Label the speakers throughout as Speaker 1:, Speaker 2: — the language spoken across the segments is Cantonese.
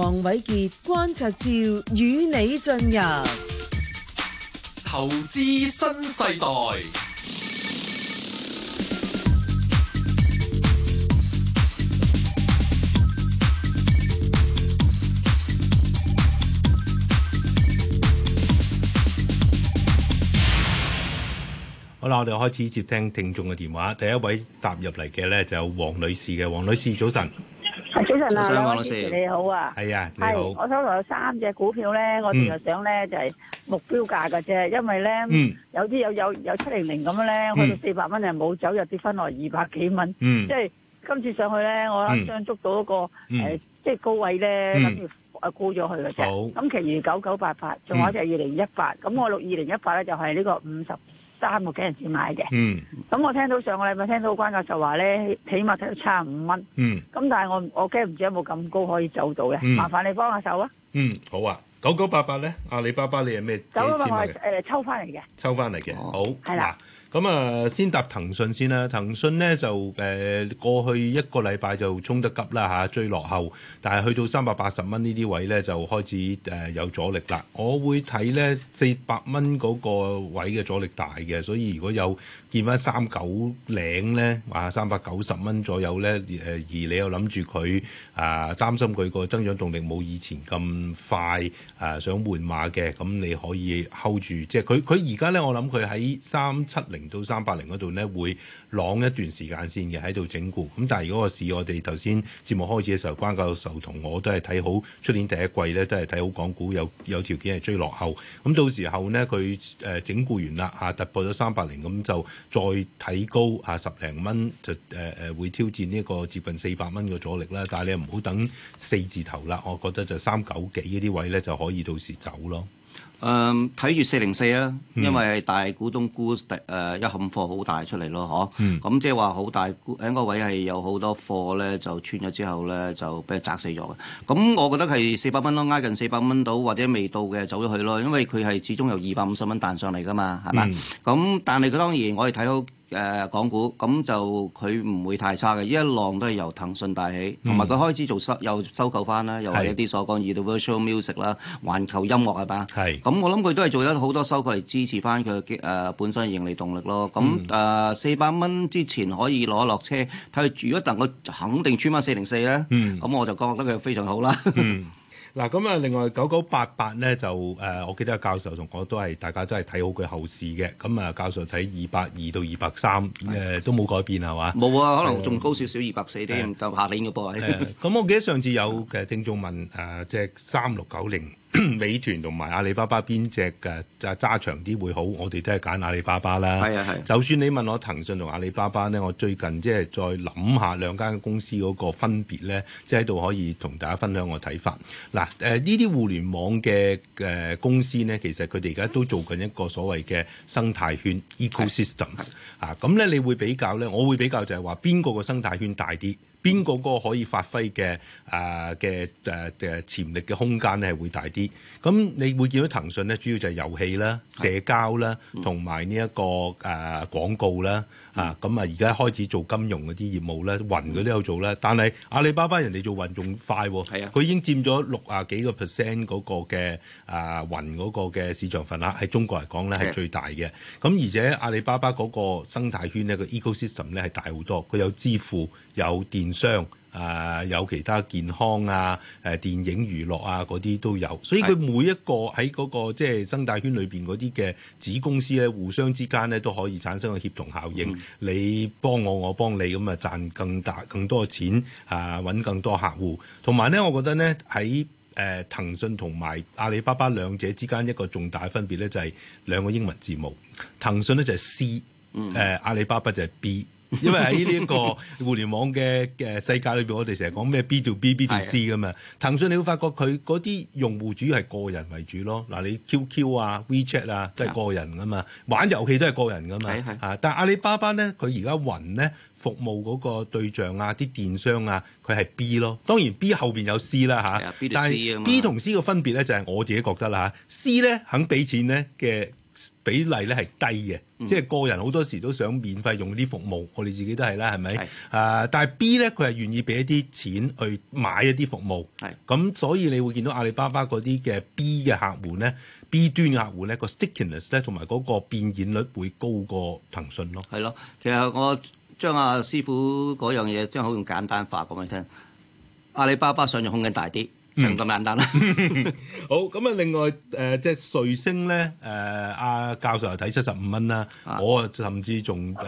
Speaker 1: 黃偉傑關卓照，與你進入
Speaker 2: 投資新世代。
Speaker 1: 好啦，我哋開始接聽聽眾嘅電話。第一位踏入嚟嘅呢，就有黃女士嘅。黃女士，早晨。
Speaker 2: 早晨啊，梁老師你好啊，係
Speaker 1: 啊，你好。我
Speaker 2: 手頭有三隻股票咧，我哋就想咧就係目標價㗎啫，因為咧有啲有有有七零零咁樣咧，去到四百蚊就冇走，又跌翻落二百幾蚊。嗯，即係今次上去咧，我一箱捉到一個誒，即係高位咧，跟住誒沽咗去嗰隻。好。咁其餘九九八八，仲有一隻二零一八。咁我六二零一八咧就係呢個五十。三個幾日先買嘅，咁、嗯、我聽到上個禮拜聽到關教授話咧，起碼睇到差五蚊，咁、嗯、但係我我驚唔知有冇咁高可以做到嘅，嗯、麻煩你幫下手啊。嗯，
Speaker 1: 好啊，九九八八咧，阿里巴巴你係咩幾錢嘅？九九八八我係
Speaker 2: 誒抽翻嚟嘅，
Speaker 1: 抽翻嚟嘅，好係、哦、啦。咁啊，先答騰訊先啦。騰訊咧就誒過去一個禮拜就衝得急啦吓，追落後，但係去到三百八十蚊呢啲位咧就開始誒有阻力啦。我會睇咧四百蚊個位嘅阻力大嘅，所以如果有見翻三九零咧，啊三百九十蚊左右咧誒而你又諗住佢誒擔心佢個增長動力冇以前咁快誒想換馬嘅，咁你可以 hold 住。即係佢佢而家咧，我諗佢喺三七零。到三百零嗰度呢，會晾一段時間先嘅，喺度整固。咁但係如果個市，我哋頭先節目開始嘅時候，關教授同我都係睇好出年第一季呢，都係睇好港股有有條件係追落後。咁到時候呢，佢誒整固完啦，嚇突破咗三百零咁就再睇高嚇十零蚊就誒誒、呃、會挑戰呢一個接近四百蚊嘅阻力啦。但係你唔好等四字頭啦，我覺得就三九幾呢啲位呢，就可以到時走咯。
Speaker 3: 誒睇住四零四啦，嗯、4, 因為大股東沽誒、呃、一倉貨好大出嚟咯，嗬、嗯，咁、嗯、即係話好大喺個位係有好多貨咧，就穿咗之後咧就俾佢砸死咗嘅。咁、嗯、我覺得係四百蚊咯，挨近四百蚊到或者未到嘅走咗去咯，因為佢係始終有二百五十蚊彈上嚟噶嘛，係嘛？咁、嗯、但係佢當然我哋睇到。誒、呃、港股咁就佢唔會太差嘅，呢一浪都係由騰訊帶起，同埋佢開始做收又收購翻啦，又係一啲所講，例如 Virtual Music 啦、環球音樂係嘛，咁的我諗佢都係做咗好多收購嚟支持翻佢嘅誒本身嘅盈利動力咯。咁誒四百蚊之前可以攞落車，睇佢如果能夠我肯定穿翻四零四咧，咁、嗯、我
Speaker 1: 就覺得佢非常好啦。 嗯嗱咁啊，另外九九八八咧就誒、呃，我記得教授同我都係大家都係睇好佢後市嘅。咁、嗯、啊，教授睇二百二到二百三誒，的都冇改變係嘛？冇啊，可能仲高少少、呃、二百四添，就、呃、下年嘅噃。咁、呃、 我記得上次有嘅聽眾問誒、呃，即係三六九零。 美團同埋阿里巴巴邊隻嘅就揸長啲會好？我哋都係揀阿里巴巴啦。係啊係。就算你問我騰訊同阿里巴巴咧，我最近即係再諗下兩間公司嗰個分別咧，即係喺度可以同大家分享我睇法。嗱誒，呢、呃、啲互聯網嘅誒、呃、公司咧，其實佢哋而家都做緊一個所謂嘅生態圈 （ecosystems） 的啊。咁咧，你會比較咧？我會比較就係話邊個個生態圈大啲？邊個個可以發揮嘅啊嘅誒嘅潛力嘅空間咧係會大啲？咁你會見到騰訊咧，主要就係遊戲啦、社交啦，同埋呢一個誒廣告啦。嗯、啊，咁啊，而家開始做金融嗰啲業務咧，雲佢都有做咧，嗯、但係阿里巴巴人哋做雲仲快喎，佢、啊、已經佔咗六、那個、啊幾個 percent 嗰個嘅啊雲嗰個嘅市場份額，喺中國嚟講咧係最大嘅。咁、啊、而且阿里巴巴嗰個生態圈咧，個 ecosystem 咧係大好多，佢有支付，有電商。啊、呃，有其他健康啊，誒、呃、電影娛樂啊，嗰啲都有，所以佢每一個喺嗰、嗰個即係生態圈裏邊嗰啲嘅子公司咧，互相之間咧都可以產生個協同效應。嗯、你幫我，我幫你，咁啊賺更大更多錢，啊、呃、揾更多客戶。同埋咧，我覺得咧喺誒騰訊同埋阿里巴巴兩者之間一個重大分別咧，就係、係、兩個英文字母。騰訊咧就係 C，誒、嗯呃、阿里巴巴，巴就係 B。 因為喺呢一個互聯網嘅嘅世界裏邊，我哋成日講咩 B 對 B、B 對 C 噶嘛。騰訊你會發覺佢嗰啲用戶主要係個人為主咯。嗱，你 QQ 啊、WeChat 啊都係個人噶嘛，玩遊戲都係個人噶嘛。啊、但係阿里巴巴呢，佢而家雲呢服務嗰個對象啊，啲電商啊，佢係 B 咯。當然 B 後邊有 C 啦吓，啊、但係是 B 同 C 個嘛分別呢，就係我自己覺得啦吓 C 呢，肯俾錢呢嘅。比例咧係低嘅，嗯、即係個人好多時都想免費用啲服務，我哋自己都係啦，係咪？啊是、呃，但係 B 咧佢係願意俾一啲錢去買一啲服務，係咁是，所以你會見到阿里巴巴嗰啲嘅 B 嘅客戶咧，B 端嘅客戶咧，個 stickiness 咧同埋嗰個變現率會高過騰訊咯。係咯，其
Speaker 3: 實我將阿師傅嗰樣嘢將好用簡單化講俾聽，阿里
Speaker 1: 巴巴上漲空間大啲。咁簡單啦。嗯、 好，咁、呃呃、啊，另外誒，即係瑞星咧，誒阿教授又睇七十五蚊啦，我甚至仲誒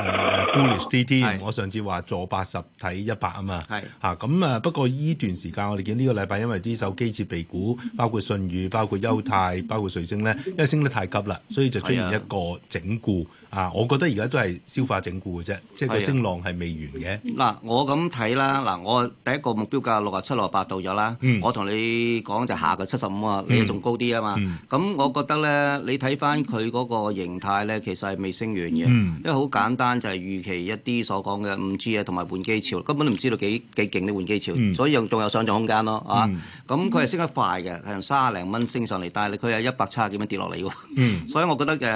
Speaker 1: bullish 啲添。我上次話坐八十睇一百啊嘛，嚇咁是啊。不過呢段時間，我哋見呢個禮拜，因為啲手機設備股，包括信宇，包括優泰，包括瑞星咧，因為升得太急啦，所以就出現一個整固。啊，我覺得而家都係消化整固嘅啫，即係個升浪係未完
Speaker 3: 嘅。嗱、啊，我咁睇啦，嗱，我第一個目標價六啊七、六啊八度咗啦。嗯、我同你講就下個七十五啊，嗯、你仲高啲啊嘛嗯。嗯，咁我覺得咧，你睇翻佢嗰個形態咧，其實係未升完嘅。嗯、因為好簡單就係預期一啲所講嘅五 G 啊，同埋換機潮，根本都唔知道幾幾勁你換機潮。嗯、所以仲有上漲空間咯，啊。咁佢係升得快嘅，係三啊零蚊升上嚟，但係佢係一百七十幾蚊跌落嚟喎。 所以我覺得誒誒，而、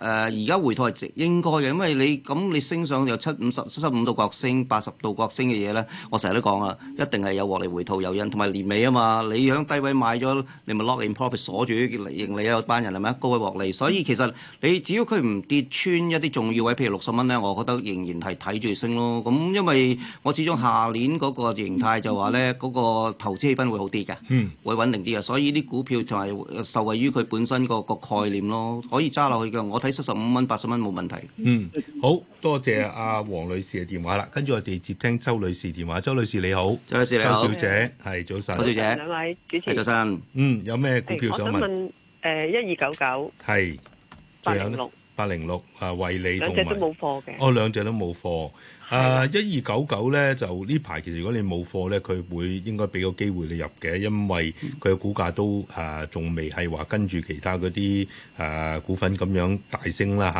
Speaker 3: 呃、家、呃、回吐。應該嘅，因為你咁你升上又七五十七十五度角升八十度角升嘅嘢咧，我成日都講啦，一定係有獲利回吐有因，同埋年尾啊嘛，你響低位買咗，你咪 lock in profit 鎖住盈利有班人係咪高位獲利，所以其實你只要佢唔跌穿一啲重要位，譬如六十蚊咧，我覺得仍然係睇住升咯。咁因為我始終下年嗰個形態就話咧，嗰、嗯、個投資氣氛會好啲嘅，嗯，會穩定啲嘅，所以啲股票就係受惠於佢本身、嗯、個概念咯，可以揸落去嘅。我睇七十五蚊八十。冇問題。
Speaker 1: 嗯，好多謝阿黃女士嘅電話啦。跟住我哋接聽周女士電話。周女士你好，周女士，周小姐係，早晨，小姐兩位主持人，早晨，嗯，有咩股票想問？
Speaker 2: 欸、我想問一
Speaker 1: 二九九係，仲、呃、有咧？八零六啊，惠理同埋，哦，冇貨嘅。哦，兩隻都冇貨。啊，一二九九咧就呢排，其實如果你冇貨咧，佢會應該俾個機會你入嘅，因為佢嘅股價都啊仲未係話跟住其他嗰啲啊股份咁樣大升啦，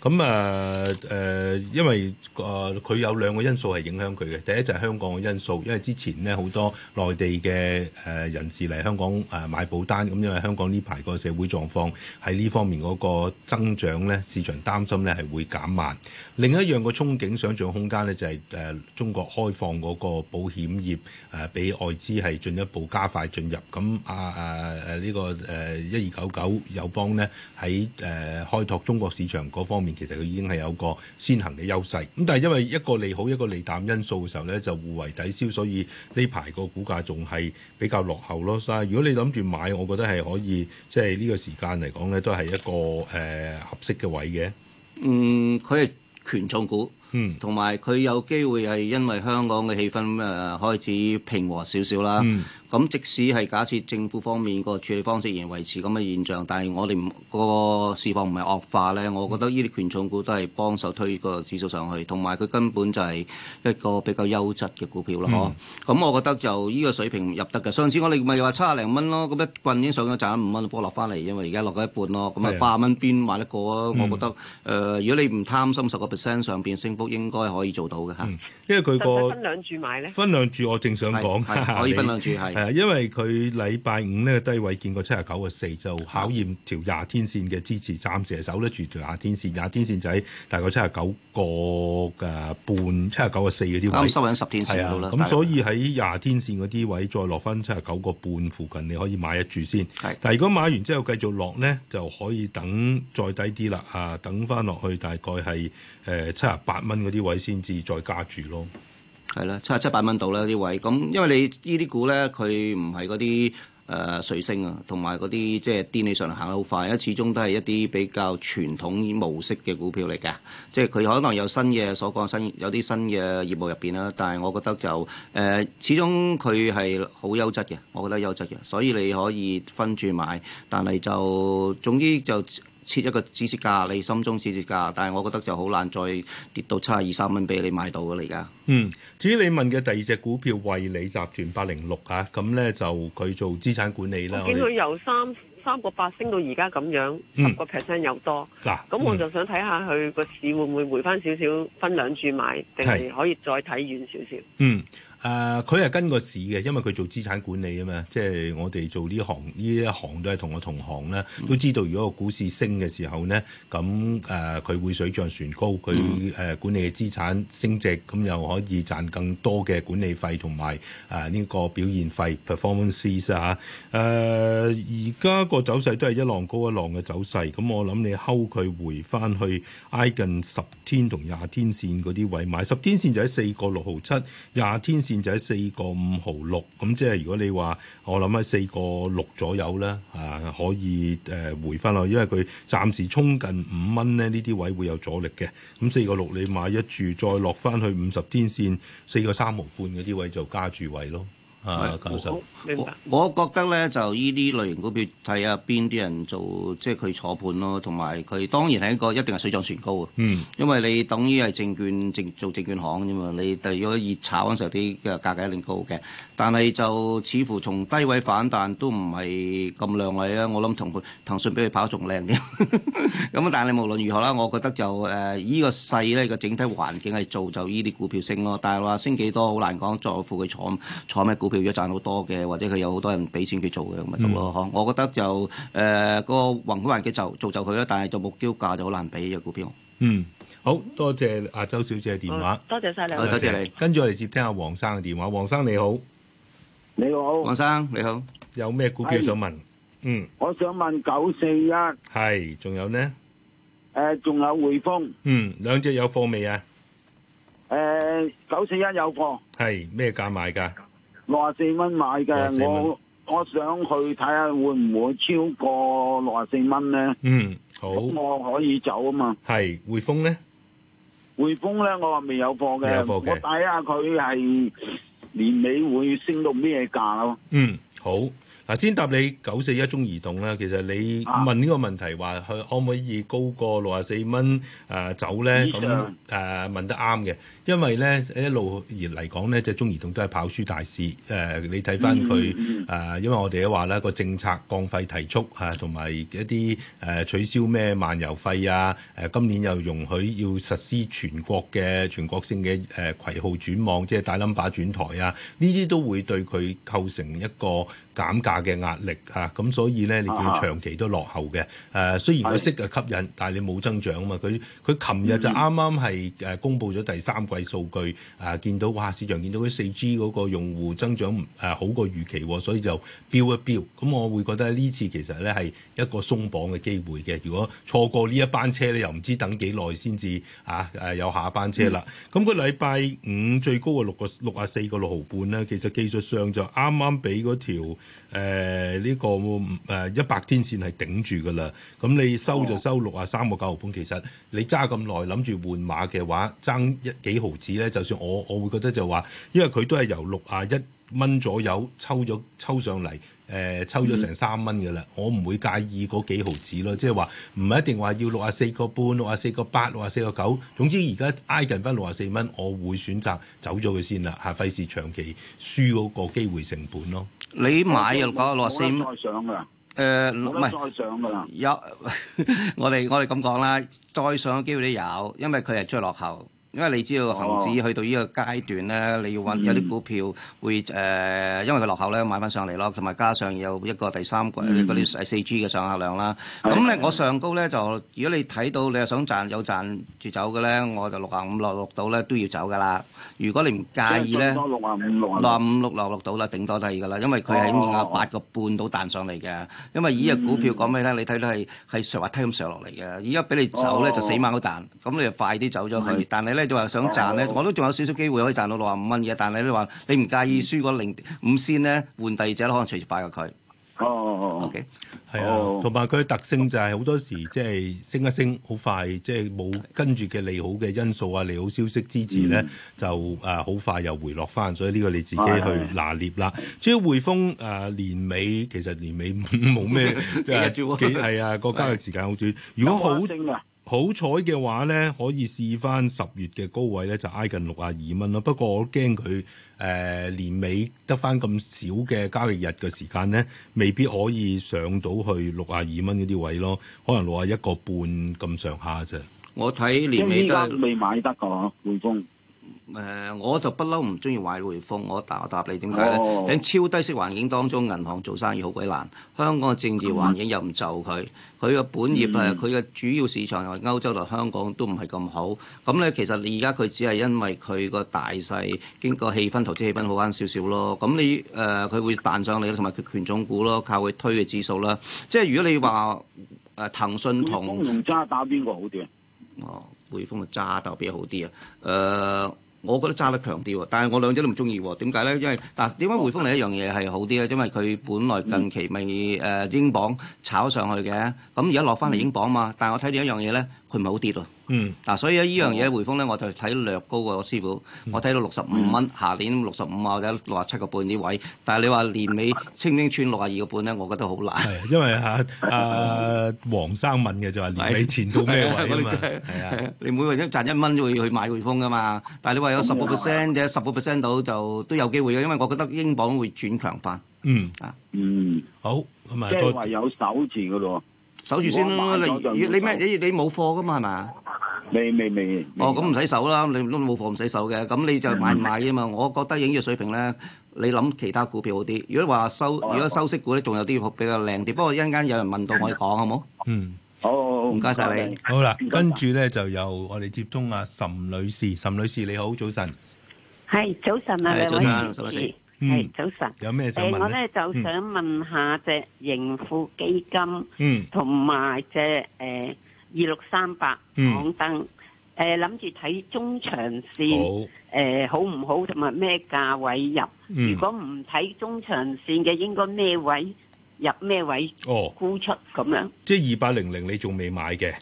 Speaker 1: 吓，咁啊誒、呃，因為啊佢、呃、有兩個因素係影響佢嘅，第一就係香港嘅因素，因為之前咧好多內地嘅誒人士嚟香港誒、呃、買保單，咁、嗯、因為香港呢排個社會狀況喺呢方面嗰個增長咧，市場擔心咧係會減慢。另一樣個憧憬想象空間，就係誒中國開放嗰個保險業誒，俾外資係進一步加快進入。咁啊啊誒呢個誒一二九九友邦呢，喺誒開拓中國市場嗰方面，其實佢已經係有個先行嘅優勢。咁但係因為一個利好一個利淡因素嘅時候呢，就互為抵消，所以呢排個股價仲係比較落後咯。所以如果你諗住買，我覺得係可以即係呢個時間嚟講呢，都係一個誒合適嘅位嘅。嗯，佢係權重股。
Speaker 3: 嗯，同埋佢有機會係因為香港嘅氣氛誒、呃、開始平和少少啦。嗯。咁即使係假設政府方面個處理方式仍然維持咁嘅現象，但係我哋、嗰個市況唔係惡化咧，我覺得呢啲權重股都係幫手推個指數上去，同埋佢根本就係一個比較優質嘅股票咯。咁、嗯、我覺得就依個水平入得㗎。上次我哋咪話七廿零蚊咯，咁一棍已經上咗賺五蚊，波落翻嚟，因為而家落咗一半咯。咁啊的，八蚊邊買得過啊？嗯、我覺得誒、呃，如果你唔貪心，十個 percent 上邊升幅
Speaker 1: 應該可以做到嘅嚇。嗯、因為佢個分
Speaker 2: 兩注買咧，分
Speaker 1: 兩注我正想講，可以分兩注係。誒，因為佢禮拜五呢個低位見過七十九個四，就考驗條廿天線嘅支持，暫時係守得住條廿天線。廿天線就喺大概七十九個嘅半，七十九個四嗰啲位收緊十天線度啦。咁所以喺廿天線嗰啲位再落翻七十九個半附近，你可以買一注先。係是，但係如果買完之後繼續落咧，就可以等再低啲啦。啊，等翻落去大概係誒七十八蚊嗰啲位先至再加注咯。係啦，七七百蚊度啦，呢啲位咁，因為你呢啲股
Speaker 3: 咧，佢唔係嗰啲誒瑞星啊，同埋嗰啲即係跌起上嚟行得好快。因始終都係一啲比較傳統模式嘅股票嚟嘅，即係佢可能有新嘅所講新有啲新嘅業務入邊啦。但係我覺得就誒、呃，始終佢係好優質嘅，我覺得優質嘅，所以你可以分住買，但係就總之就。設一個指數價，你心中指數價，但係我覺得就好難再跌到七二
Speaker 1: 三蚊俾你買到嘅你而家。嗯，至於你問嘅第二隻股票惠理集團八零六嚇，咁咧就佢做資產管理啦。我見佢由
Speaker 2: 三三個八升到而家咁樣，十個 percent 又多。嗱、啊，咁我就想睇下佢個市會唔會回翻少少，分兩注買，定係可以再睇遠少少。嗯。
Speaker 1: 誒佢係跟個市嘅，因為佢做資產管理啊嘛，即係我哋做呢行呢一行都係同我同行啦，都知道如果個股市升嘅時候咧，咁誒佢會水漲船高，佢誒、呃、管理嘅資產升值，咁又可以賺更多嘅管理費同埋誒呢個表現費 （performance） 啊！誒而家個走勢都係一浪高一浪嘅走勢，咁我諗你睺佢回翻去挨近十天同廿天線嗰啲位買，十天線就喺四個六毫七，廿天。線就喺四個五毫六，咁即係如果你話我諗喺四個六左右咧，啊可以誒、呃、回翻落，因為佢暫時衝近五蚊咧，呢啲位會有阻力嘅。咁四個六你買一注，再落翻去五十天線四個三毫半嗰啲位就加注位咯。
Speaker 3: 啊，我、嗯、我，我覺得咧就依啲類型股票睇下邊啲人做，即係佢坐盤咯，同埋佢當然係一個一定係水漲船高啊。嗯，因為你等於係證券證做證券行啫嘛，你第如果熱炒嗰陣時啲價格一定高嘅，但係就似乎從低位反彈都唔係咁亮麗啊。我諗騰騰訊比佢跑仲靚啲，咁 但係你無論如何啦，我覺得就誒依、呃這個勢咧個整體環境係做就依啲股票升咯，但係話升幾多好難講，在乎佢坐坐咩股票。佢一賺好多嘅，或者佢有好多人俾錢佢做嘅咁咪得咯。嗬，我覺得就誒個宏觀環境
Speaker 1: 就做就佢啦，但係就目標價就好難俾嘅股票。嗯，好多謝阿周小姐嘅電話，多謝晒你，多謝你。跟住我哋接聽下黃生嘅電話，黃生你好，你好，黃生你好，有咩股票想問？嗯，
Speaker 2: 我想問九四一，
Speaker 1: 係仲有呢？
Speaker 2: 誒，仲有匯豐，
Speaker 1: 嗯，兩隻有貨未啊？
Speaker 2: 誒，九四一有貨，
Speaker 1: 係咩價買㗎？
Speaker 2: 六十四蚊買嘅，我我想去睇下會唔會超過六十四蚊咧？嗯，
Speaker 1: 好。
Speaker 2: 我可以走啊嘛。
Speaker 1: 係匯豐咧？
Speaker 2: 匯豐咧，我
Speaker 1: 話未有貨嘅。有貨嘅。我睇下佢係年尾會升到咩價咯。嗯，好。嗱，先答你九四一中移動啦。其實你問呢個問題話，佢可唔可以高過六十四蚊誒走咧？咁誒問得啱嘅。因為咧一路而嚟講咧，即係中移動都係跑輸大市。誒、呃，你睇翻佢誒，因為我哋都話啦，個政策降費提速嚇，同、啊、埋一啲誒、啊、取消咩漫遊費啊，誒今年又容許要實施全國嘅全國性嘅誒攜號轉網，即係大冧把轉台啊，呢啲都會對佢構成一個減價嘅壓力嚇。咁、啊、所以咧，你叫長期都落後嘅誒、啊。雖然個息啊吸引，但係你冇增長啊嘛。佢佢琴日就啱啱係誒公佈咗第三季。睇數據啊，見到哇市場見到啲四 G 嗰個用戶增長誒、啊、好過預期喎，所以就飆一飆。咁我會覺得呢次其實咧係一個鬆綁嘅機會嘅。如果錯過呢一班車，你又唔知等幾耐先至啊誒、啊、有下一班車啦。咁、嗯、個禮拜五最高嘅六個六啊四個六毫半呢，其實技術上就啱啱俾嗰條。誒呢、呃這個誒、呃、一百天線係頂住㗎啦，咁你收就收六啊三個九毫半，其實你揸咁耐諗住換馬嘅話，爭一幾毫子咧，就算我我會覺得就話，因為佢都係由六啊一蚊左右抽咗抽上嚟，誒、呃、抽咗成三蚊㗎啦，我唔會介意嗰幾毫子咯，即係話唔係一定話要六啊四個半、六啊四個八、六啊四個九，總之而家挨近翻六啊四蚊，我會選擇走咗佢先啦，下費事長期輸嗰個機會成本咯。你買又講落
Speaker 2: 線，冇再上㗎。誒、
Speaker 1: 呃，唔係再
Speaker 2: 上㗎啦。
Speaker 1: 呃、有，
Speaker 3: 我哋我哋咁講啦，再上嘅機會都有，因為佢係最落後。因為你知道恒指去到呢個階段咧，oh、你要揾有啲股票會誒、mm. 呃，因為佢落後咧，買翻上嚟咯。同埋加上有一個第三季嗰啲四 G 嘅上客量啦。咁咧，我上高咧就，如果你睇到你又想賺有賺住走嘅咧，我就六啊五六六到咧都要走噶啦。如果你唔介意咧，六
Speaker 2: 啊五六啊
Speaker 3: 五六落六到啦，頂多都係噶啦。因為佢係五啊八個半到彈上嚟嘅。Oh、因為以個股票講俾你聽咧？你睇到係係上滑梯咁上落嚟嘅。而家俾你走咧、oh、就死猛都彈，咁你就快啲走咗佢、oh。但係咧就話想賺咧，我都仲有少少機會可以賺到六啊五蚊嘅。但係你話你唔介意輸個零五仙咧，換第二隻可能隨時敗過佢。哦
Speaker 1: ，OK，係啊，同埋佢嘅特性就係好多時即係升一升好快，即係冇跟住嘅利好嘅因素啊、利好消息支持咧，就誒好快又回落翻。所以呢個你自己去拿捏啦。至於匯豐誒年尾，其實年尾冇咩，就啊個交易時間好短。如果好升啊！好彩嘅話咧，可以試翻十月嘅高位咧，就挨近六啊二蚊咯。不過我驚佢誒年尾得翻咁少嘅交易日嘅時間咧，未必可以上到去六啊二蚊嗰啲位咯。可能六啊一個半咁上下啫。我睇年尾都
Speaker 2: 未買得㗎嗬，匯
Speaker 3: 豐。誒、uh，我就不嬲唔中意匯豐，我答答你點解咧？喺、oh, oh, oh. 超低息環境當中，銀行做生意好鬼難。香港嘅政治環境又唔就佢，佢嘅、mm. 本業誒，佢嘅主要市場係歐洲同香港都唔係咁好。咁、嗯、咧，嗯、其實而家佢只係因為佢個大勢，個氣氛，投資氣氛好翻少少咯。咁你誒，佢、嗯、會彈上嚟同埋權權重股咯，靠佢推嘅指數啦、嗯。即係如果你話誒、啊、騰訊同揸、嗯嗯、打邊個好啲啊？哦，匯豐嘅揸打比較好啲啊！誒、嗯。嗯嗯我覺得揸得強啲但係我兩者都唔中意喎。點解咧？因為但係點解匯豐你一樣嘢係好啲咧？因為佢本來近期咪誒、嗯呃、英鎊炒上去嘅，咁而家落翻嚟英鎊嘛。但係我睇到一樣嘢咧。佢唔係好跌咯？嗱，所以呢樣嘢匯豐咧，我就睇略高過我師傅，我睇到六十五蚊，下年六十五或者六十七個半啲位。但係你話年尾清唔清穿六十二個半咧？我覺得好難。係
Speaker 1: 因為啊，黃生問嘅就係年尾前到咩位
Speaker 3: 啊嘛？啊，你每個人都賺一蚊，就會去買匯豐噶嘛。但係你話有十個 percent 或者十個 percent 到就都有機會嘅，因為我覺得英鎊會轉強翻。嗯。
Speaker 2: 啊。嗯。好。咁啊。即係話有手字嘅咯。守住先啦，你你咩？
Speaker 3: 你你冇貨噶嘛，係咪啊？未未未。哦，咁唔使守啦，你都冇貨，唔使守嘅。咁你就買唔買啫嘛？我覺得影業水平咧，你諗其他股票好啲。如果話收，如果收息股咧，仲有啲比較靚啲。不過一陣間有人問到，我哋講好冇？嗯，
Speaker 1: 好。唔該曬你。好啦，跟住咧就由我哋接通阿岑女士。岑女士你好，早晨。
Speaker 2: 係，早晨啊，岑女士。
Speaker 1: 係，嗯、早晨上。有咩想呢，呃？我咧就想
Speaker 2: 問下隻盈富基金，呃、嗯，同埋隻誒二六三八港燈，誒諗住睇中長線，哦呃、好，好，誒好唔好？同埋咩價位入？嗯，如果唔睇中長線嘅，應該咩位入位？咩位？哦，沽出
Speaker 1: 咁樣。即係二八零零，你仲未買嘅？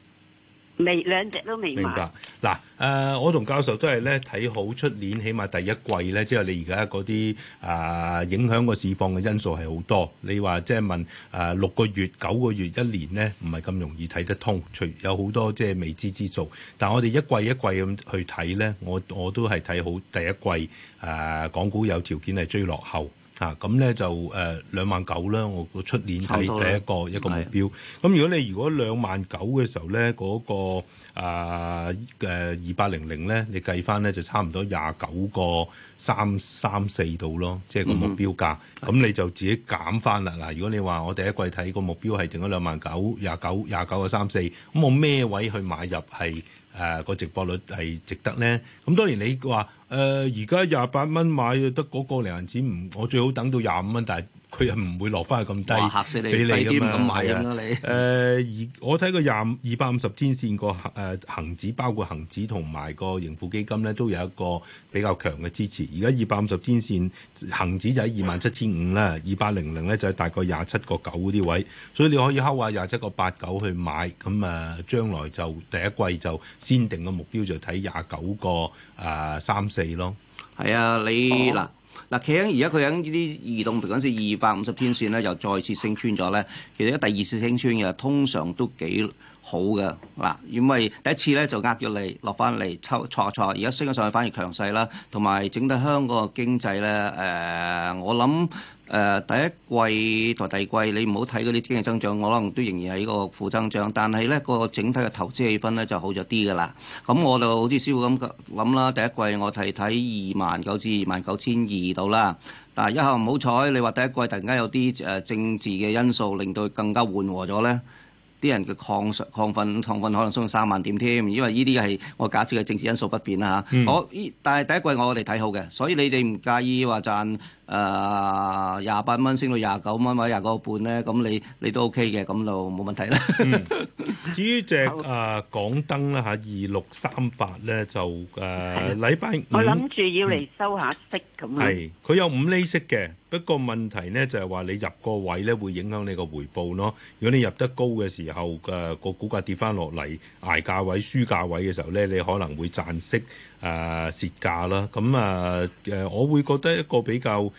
Speaker 1: 未，兩隻都未。明白嗱，誒我同教授都係咧睇好出年，起碼第一季咧，即係你而家嗰啲誒影響個市況嘅因素係好多。你話即係問誒六個月、九個月、一年咧，唔係咁容易睇得通，除有好多即係未知之數。但係我哋一季一季咁去睇咧，我我都係睇好第一季誒港股有條件係追落後。啊，咁咧就誒兩萬九啦。我我出年睇第一個一個目標。咁如果你如果兩萬九嘅時候咧，嗰、那個啊二八零零咧，你計翻咧就差唔多廿九個三三四度咯，即係個目標價。咁、嗯、你就自己減翻啦。嗱，是的 如果你話我第一季睇個目標係定咗兩萬九廿九廿九個三四，咁我咩位去買入係？誒個、啊、直播率係值得咧，咁、嗯、當然你話誒而家廿八蚊買得嗰個零銀錢唔，我最好等到廿五蚊，但係，佢又唔會落翻去咁低俾你㗎，咁係啊！誒你，二、呃、我睇個廿二百五十天線個誒恆指，包括恒指同埋個盈富基金咧，都有一個比較強嘅支持。而家二百五十天線恒指就喺二萬七千五啦，二百零零咧就係大概廿七個九嗰啲位，所以你可以敲下廿七個八九去買，咁啊將來就第一季就先定個目標就睇廿九個誒三四咯。係啊，你嗱。哦嗱，企喺而家佢喺呢啲移動譬如講
Speaker 3: 二百五十天線咧，又再次升穿咗咧。其實一第二次升穿嘅通常都幾好嘅。嗱，因為第一次咧就呃咗你落翻嚟抽挫挫，而家升咗上去反而強勢啦。同埋整體香港經濟咧，誒、呃，我諗。誒、呃、第一季同第二季，你唔好睇嗰啲經濟增長，我可能都仍然係呢個負增長。但係呢個整體嘅投資氣氛呢，就好咗啲㗎啦。咁我就好似師傅咁諗啦。第一季我睇睇二萬九至二萬九千二度啦。但係一下唔好彩，你話第一季突然間有啲誒政治嘅因素，令到佢更加緩和咗呢啲人嘅抗抗憤抗憤可能升到三萬點添。因為呢啲係我假設嘅政治因素不變啦嚇。我但係第一季我哋睇好嘅，所以你哋唔介意話賺。誒廿八蚊升到廿九蚊或者廿九個半咧，咁你你都 OK 嘅，咁就冇問題啦、 嗯。
Speaker 1: 至於隻誒好、啊、港燈啦嚇，二六三八咧就誒禮拜五，我諗
Speaker 2: 住要嚟收下息咁啊。係、嗯，
Speaker 1: 佢樣有五厘息嘅，不過問題咧就係、是、話你入個位咧會影響你個回報咯。如果你入得高嘅時候嘅個、啊、股價跌翻落嚟捱價位輸價位嘅時候咧，你可能會賺息。誒蝕、呃、價啦，咁啊誒，我會覺得一個比較誒，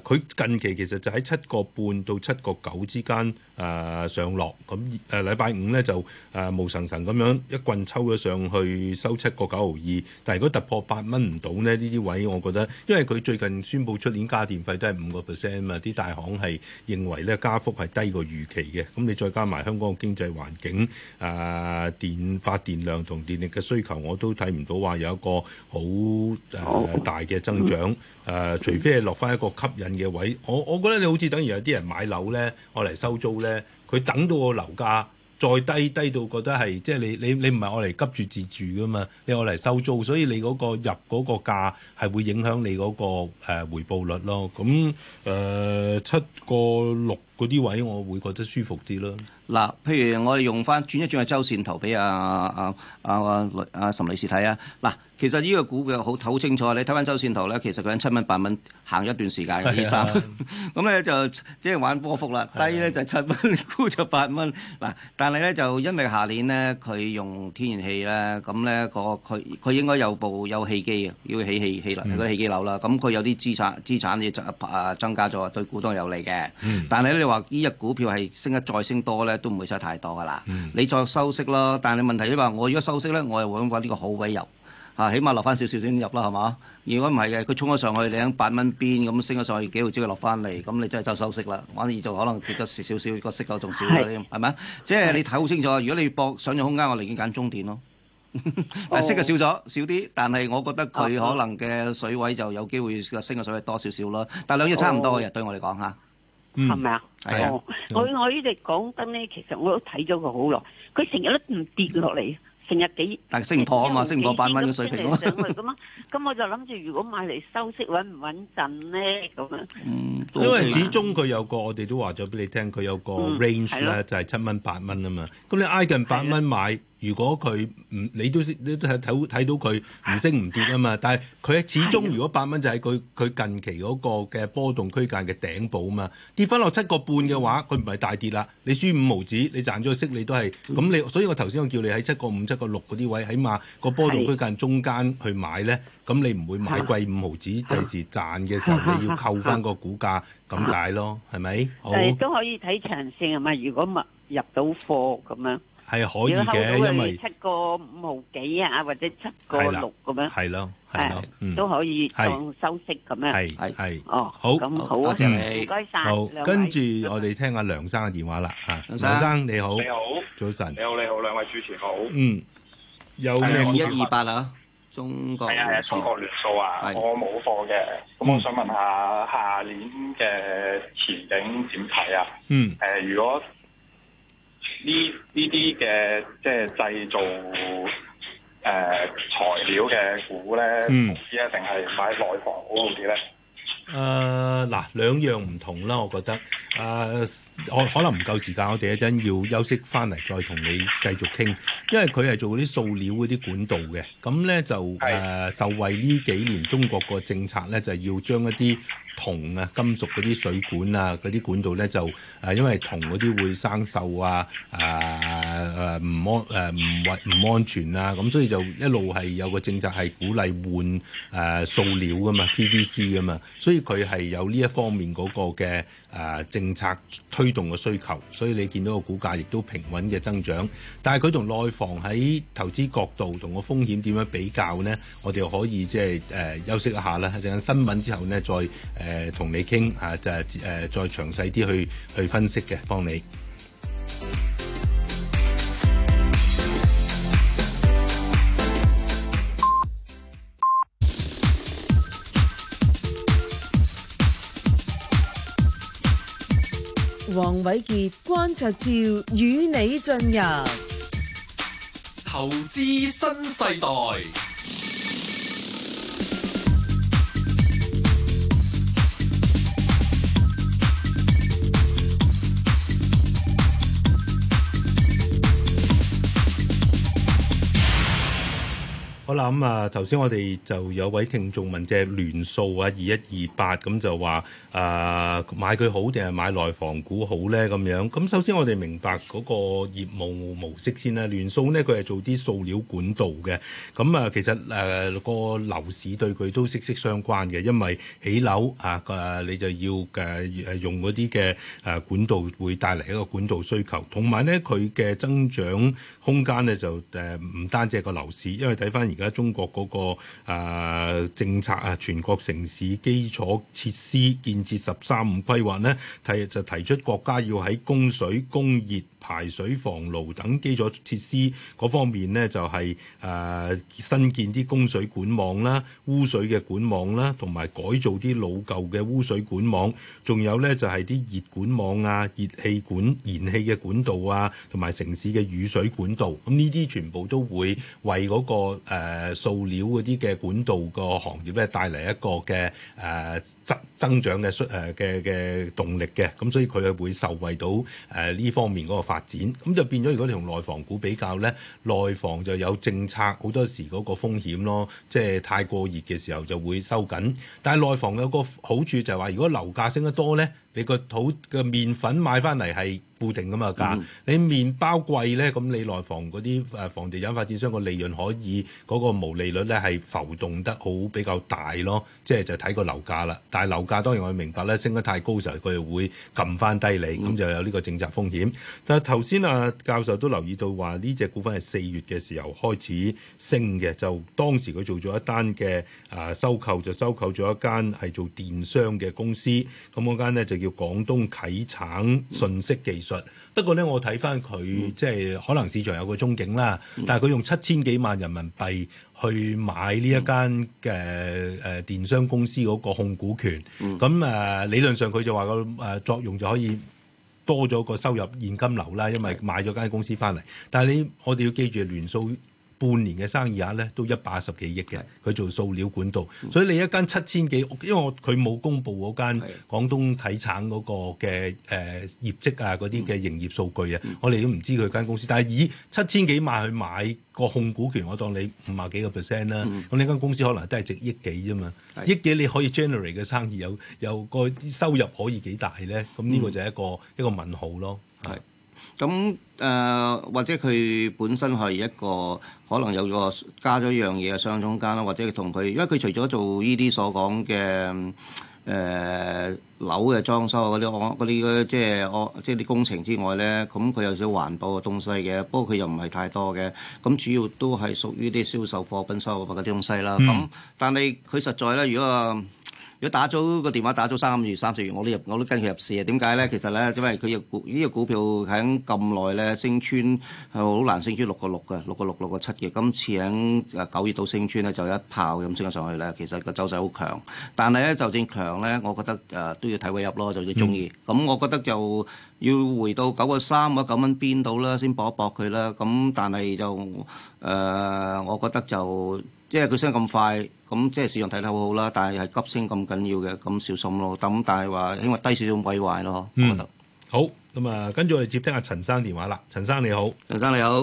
Speaker 1: 佢、呃、近期其實就喺七個半到七個九之間。誒、呃、上落咁誒，禮拜、呃、五咧就誒、呃、無神神咁樣一棍抽咗上去收七個九毫二，但係如果突破八蚊唔到呢呢啲位我覺得，因為佢最近宣布出年加電費都係五個 percent 啊嘛，啲大行係認為咧加幅係低過預期嘅，咁你再加埋香港嘅經濟環境誒、呃、電發電量同電力嘅需求，我都睇唔到話有一個好誒、呃、大嘅增長誒、呃、除非係落翻一個吸引嘅位，我我覺得你好似等於有啲人買樓咧，我嚟收租咧。佢等到個樓價再低低到覺得係，即係你你你唔係我嚟急住自住噶嘛，你我嚟收租，所以你嗰個入嗰個價係會影響你嗰個誒回報率咯。咁誒七個六，呃嗰啲位我會覺得舒服啲咯。嗱，譬如我哋用翻轉
Speaker 3: 一轉嘅周線圖俾阿阿阿阿阿岑女士睇啊。嗱、啊啊啊，其實呢個股嘅好好清楚，你睇翻周線圖咧，其實佢喺七蚊八蚊行咗一段時間嘅依三，咁咧就即係玩波幅啦。低咧就七蚊，高就八蚊。嗱、嗯，但係咧就因為下年咧佢用天然氣咧，咁咧個佢佢應該有部有氣機嘅，要起氣氣樓嗰啲氣機樓啦。咁佢有啲資產資產增啊增加咗，對股東有利嘅。但係話呢隻股票係升得再升多咧，都唔會使太多噶啦。你再收息咯，但係問題你話我如果收息咧，我又會諗話呢個好位入啊，起碼落翻少少先入啦，係嘛？如果唔係嘅，佢沖咗上去，你喺八蚊邊咁升咗上去，幾毫子落翻嚟，咁你真係就收息啦。反而就可能跌咗少少，個息夠仲少咗添，係咪啊？即係你睇好清楚。如果你要搏上嘅空間，我寧願揀中電咯。但係息嘅少咗少啲，但係我覺得佢可能嘅水位就有機會個升嘅水位多少少咯。但係兩日差唔多嘅日對我嚟講吓。係
Speaker 2: 咪啊？係我我呢隻港燈咧，其實我都睇咗佢好耐，佢成日都唔跌落嚟，成日幾但升唔破啊嘛，升唔破八
Speaker 3: 蚊嘅水平咯。
Speaker 2: 咁啊，咁我就諗住如果買嚟收息穩唔穩陣咧？咁
Speaker 1: 樣嗯，因為始終佢有個我哋都話咗俾你聽，佢有個 range 咧就係七蚊八蚊啊嘛。咁你挨近八蚊買。如果佢唔，你都你都睇睇到佢唔升唔跌啊嘛！但係佢始終如果八蚊就喺佢佢近期嗰個嘅波動區間嘅頂部啊嘛，跌翻落七個半嘅話，佢唔係大跌啦。你輸五毫子，你賺咗息，你都係咁你。所以我頭先我叫你喺七個五、七個六嗰啲位，起碼個波動區間中間去買咧，咁你唔會買貴五毫子。第時賺嘅時候，你要扣翻個股價咁 解咯，係咪？ 誒都
Speaker 2: 可以睇長線係咪？如果入到貨咁樣。
Speaker 1: 係可以嘅，因為七
Speaker 2: 個五毫幾啊，或者七個六咁樣，係
Speaker 1: 咯，係咯，都可以當收息咁樣。係係哦，好，好，多謝你，唔該晒。好，跟住我哋聽下梁生嘅電話啦。梁生你好，你好，早晨，你好你好，兩位主持好。嗯，有二一二八啊，中國係啊，中國聯塑啊，我冇貨嘅。咁我想問下下年嘅前景點睇啊？嗯，誒，如果。呢呢啲嘅即
Speaker 2: 係製造誒、呃、材料嘅股咧，唔知咧
Speaker 1: 定係買內房嗰陣時咧？誒，嗱，兩樣唔同啦，我覺得誒，我、呃、可能唔夠時間，我哋一陣要休息翻嚟再同你繼續傾，因為佢係做啲塑料嗰啲管道嘅，咁咧就誒的、呃、受惠呢幾年中國個政策咧，就係要將一啲。銅啊，金屬嗰啲水管啊，嗰啲管道咧就誒、啊，因為銅嗰啲會生鏽啊，誒誒唔安誒唔穩唔安全啊，咁所以就一路係有個政策係鼓勵換誒塑、啊、料噶嘛，PVC 噶嘛，所以佢係有呢一方面嗰個嘅。誒、啊、政策推動嘅需求，所以你見到個股價亦都平穩嘅增長。但係佢同內房喺投資角度同個風險點樣比較呢？我哋可以即係誒休息一下啦，等新聞之後呢，再誒、呃、同你傾啊，就係誒再詳細啲去去分析嘅，幫你。黃偉杰關卓照，與你進入
Speaker 2: 投資新世代。
Speaker 1: 好啦，咁啊，頭先我哋就有位聽眾問隻聯塑啊，二一二八，咁就話誒買佢好定係買內房股好咧？咁樣，咁首先我哋明白嗰個業務模式先啦。聯塑咧，佢係做啲塑料管道嘅，咁、嗯、啊，其實誒、呃那個樓市對佢都息息相關嘅，因為起樓啊，誒你就要誒誒、啊、用嗰啲嘅誒管道會帶嚟一個管道需求，同埋咧佢嘅增長空間咧就誒唔、呃、單止係個樓市，因為睇返而。而家中國嗰個、那個誒、呃、政策啊，全國城市基礎設施建設「十三五」規劃咧，提就提出國家要喺供水、供熱，排水防澇等，等基礎設施嗰方面咧，就係、是、誒、呃、新建啲供水管網啦、污水嘅管網啦，同埋改造啲老舊嘅污水管網，仲有咧就係啲熱管網啊、熱氣管、燃氣嘅管道啊，同埋城市嘅雨水管道。咁呢啲全部都會為嗰、那個誒、呃、塑料嗰啲嘅管道個行業咧帶嚟一個嘅誒增增長嘅誒嘅嘅動力嘅。咁所以佢係會受惠到誒呢、呃、方面嗰個。發展咁就變咗，如果你同內房股比較咧，內房就有政策好多時嗰個風險咯，即係太過熱嘅時候就會收緊。但係內房有個好處就係話，如果樓價升得多咧，你個土嘅麵粉買翻嚟係，固定噶嘛價你麵包貴咧，咁你內房嗰啲誒房地產發展商個利潤可以嗰個毛利率咧係浮動得好比較大咯，即係就睇個樓價啦。但係樓價當然我明白咧，升得太高時候佢哋會撳翻低你，咁就有呢個政策風險，但係頭先啊教授都留意到話呢隻股份係四月嘅時候開始升嘅，就當時佢做咗一單嘅誒收購就收購咗一間係做電商嘅公司，咁嗰間咧就叫廣東啟橙信息技術。不過咧，我睇翻佢即係可能市場有個憧憬啦。嗯、但係佢用七千幾萬人民幣去買呢一間嘅誒電商公司嗰個控股權。咁誒、嗯呃、理論上佢就話個誒作用就可以多咗個收入現金流啦，因為買咗間公司翻嚟。但係你我哋要記住聯數。半年嘅生意額咧都一百十幾億嘅，佢是做塑料管道，嗯、所以你一間七千幾，因為我佢冇公布嗰間廣東體產嗰個嘅誒、呃、業績啊嗰啲嘅營業數據啊，嗯、我哋都唔知佢間公司。但係以七千幾萬去買個控股權，我當你五啊幾個 percent 啦。咁呢間公司可能都係值億幾啫嘛，是億幾你可以 generate 嘅生意有有，有個收入可以幾大咧？咁呢個就係一個、嗯、一個問號咯。係。
Speaker 3: 咁誒、呃，或者佢本身係一個可能有個加咗一樣嘢嘅商中間啦，或者佢同佢，因為佢除咗做呢啲所講嘅誒樓嘅裝修啊嗰啲，我嗰啲即係我即係啲工程之外咧，咁佢有少少環保嘅東西嘅，不過佢又唔係太多嘅，咁主要都係屬於啲銷售貨品、收入嗰啲東西啦。咁、嗯、但係佢實在咧，如果啊～如果打咗個電話打咗三五月、三四月，我都入，我都跟佢入市啊！點解咧？其實咧，因為佢呢個,、這個股票喺咁耐咧，升穿係好難升穿六個六嘅，六個六、六個七嘅。今次喺九月到升穿咧，就一炮咁升咗上去咧。其實個走勢好強，但係咧就算強咧，我覺得誒、呃、都要睇位入咯，就算中意。咁、嗯嗯、我覺得就要回到九個三或者九蚊邊度啦，先搏一搏佢啦。咁但係就誒、呃，我覺得就即係佢升咁快。咁即係市場睇得好好啦，但係係急升咁緊要嘅，咁小心咯。等，但係話因為低少少毀壞
Speaker 1: 咯，我覺得。好，咁啊，跟住我哋接聽阿陳生電話啦。陳生你好，陳生你好，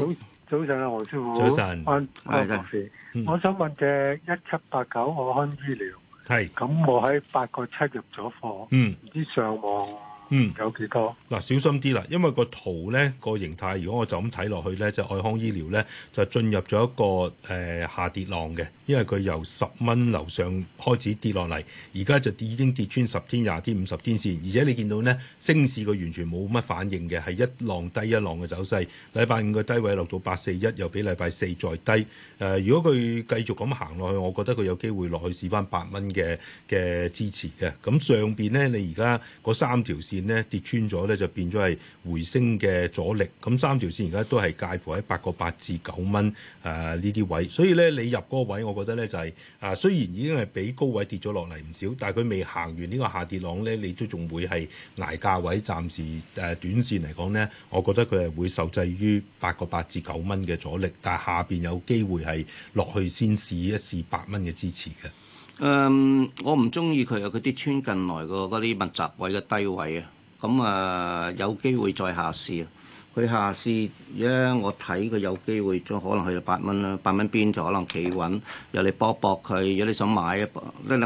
Speaker 1: 早晨啊何師傅，早晨上，係博士，我，是我想問嘅一七八九愛康醫療，係是，咁我喺八個七入咗貨，唔知上網。嗯嗯，有幾多？嗱，小心啲啦，因為個圖咧、個形態，如果我就咁睇落去咧，就是、愛康醫療咧就進入咗一個誒、呃、下跌浪嘅，因為佢由十蚊樓上開始跌落嚟，而家就已經跌穿十天、廿天、五十天線，而且你見到咧升市佢完全冇乜反應嘅，係一浪低一浪嘅走勢。禮拜五嘅低位落到八四一，又比禮拜四再低。誒、呃，如果佢繼續咁行落去，我覺得佢有機會落去試翻八蚊嘅嘅支持嘅。咁上邊咧，你而家嗰三條線。跌穿咗咧，就變咗係回升嘅阻力。咁三條線而家都係介乎喺八個八至九蚊，誒，呢啲位，所以咧，你入嗰個位，我、就是呃，位，個位呃，我覺得咧就係誒，雖然已經係比高位跌咗落嚟唔少，但係佢未行完呢個下跌浪咧，你都仲會係挨價位。暫時誒，短線嚟講咧，我覺得佢係會受制於八個八至九蚊嘅阻力，但係下邊有機會係落去先試一試八蚊嘅支持嘅。
Speaker 3: 誒，um, 我唔中意佢啊！佢啲村近來個嗰啲密集位嘅低位啊，咁啊、uh, 有機會再下試啊！佢下次，咧，我睇佢有機會，將可能去到八蚊啦。八蚊邊就可能企穩，由你搏搏佢。如果你想買，